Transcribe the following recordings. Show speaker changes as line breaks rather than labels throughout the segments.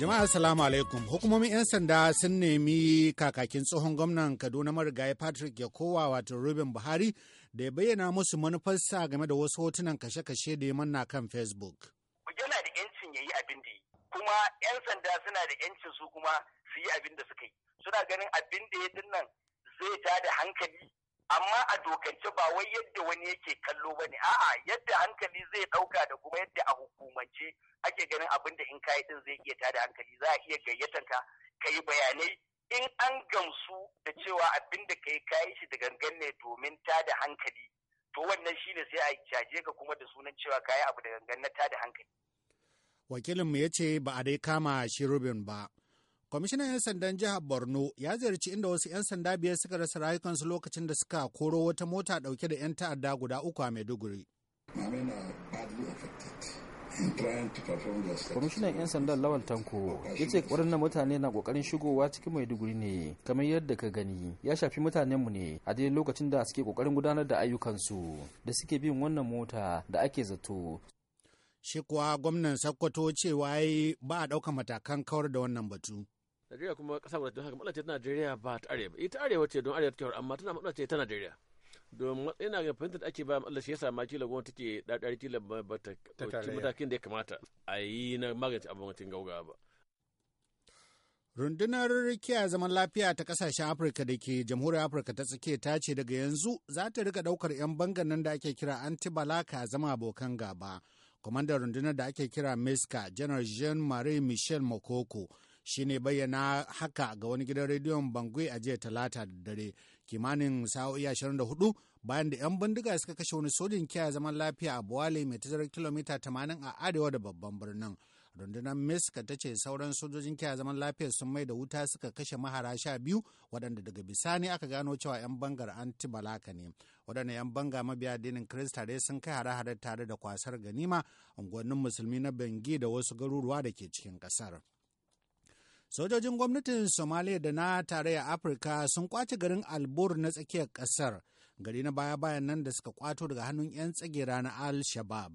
Jama'a salamu alaikum. Hukumomin 'yan sanda sun nemi kakakin tsohon gwamnan Kaduna marigayi Patrick Yakowa wato Ruben Buhari da ya bayyana musu manufarsa game da wasu hotunan kashe-kashe da ya manna kan Facebook. Yana da 'yancin ya yi
abin da kuma 'yan sanda suna da 'yancin su kuma su yi abin da suka yi. Suna ganin abin da ya dinnan zai ta da hankali amma a dokance ba wai yadda wani yake kallo ne a'a yadda hankali zai dauka da kuma yadda a hukumance ake ganin abin da in kayi din zai iya tada hankali za a iya gayyatan ka kai bayanai in an gamsu da cewa abin da kai kayi shi da gangan ne domin tada hankali to wannan shine sai a caje ka kuma da sunan cewa kayi abu da gangan na tada hankali
wakilin mu ce ba a dai kama shi Rubin ba Kwamishinan 'yan sandan jihar Borno ya ziyarci inda wasu 'yan sanda biyar suka rasa rayukansu lokacin da suka koro wata mota dauke da 'yan ta'adda guda uku a Maiduguri. kwamishinan 'yan sandan lawal tanko ya ce waɗannan mutane na ƙoƙarin shigowa cikin maiduguri ne kamar yadda ka gani ya shafi mutanenmu ne a daidai lokacin da suke ƙoƙarin gudanar da ayyukansu da suke bin wannan mota da ake zato shi kuwa gwamnan sakkwato cewa ba a ɗaukar matakan kawar da wannan batu
Najeriya kuma ƙasa guda don haka matsala ce ta Najeriya ba ta arewa ita arewa ce don arewa ta kyau amma tana matsala ce ta Najeriya domin matsayina ga fahimta da ake ba matsala shi yasa ma kila gwamnati take ɗaɗɗari kila ba ta ɗauki matakin da ya kamata a yi na magance abincin gaugawa ba.
Rundunar rikiya zaman lafiya ta kasashen Afirka da ke jamhuriyar Afirka ta tsakiya ta ce daga yanzu za ta rika daukar 'yan bangan nan da ake kira antibalaka zama abokan gaba. Kwamandar rundunar da ake kira Miska, Janar Jean-Marie Michel Mokoko, shi ne bayyana haka ga wani gidan rediyon Bangui a jiya talata da dare kimanin sa'o'i hudu bayan da 'yan bindiga suka kashe wani sojin kiyaye zaman lafiya a Buwale mai tazarar kilomita tamanin a arewa da babban birnin. rundunar miska ta ce sauran sojojin kiyaye zaman lafiya sun mai da wuta suka kashe mahara sha biyu waɗanda daga bisani aka gano cewa 'yan bangar antibalaka ne waɗanda 'yan banga mabiya dinin kirista dai sun kai hare-hare tare da kwasar ganima unguwannin musulmi na bangi da wasu garuruwa da ke cikin ƙasar. Sojojin gwamnatin Somalia da na tarayyar Afirka sun kwace garin Albur na tsakiyar ƙasar, gari na baya-bayan nan da suka kwato daga hannun 'yan tsagera na Al-Shabaab.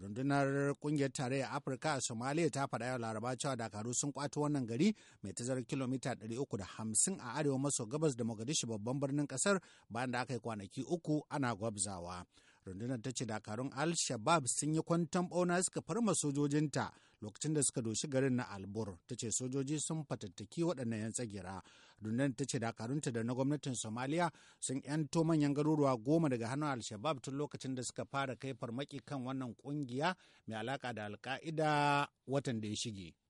rundunar kungiyar tarayyar afirka a somaliya ta faɗa yau laraba cewa dakaru sun kwato wannan gari mai tazarar kilomita 350 a arewa maso gabas da mogadishu babban birnin kasar bayan da aka yi kwanaki uku ana gwabzawa rundunar ta ce dakarun al-shabab sun yi kwantan bauna suka farma sojojinta lokacin da suka doshi garin na albur ta ce sojoji sun fatattaki waɗannan 'yan tsagira rundunar ta ce dakarunta da na gwamnatin somaliya sun 'yanto manyan garuruwa goma daga hannun al-shabab tun lokacin da suka fara kai farmaki kan wannan kungiya mai alaka da al alka'ida watan da ya shige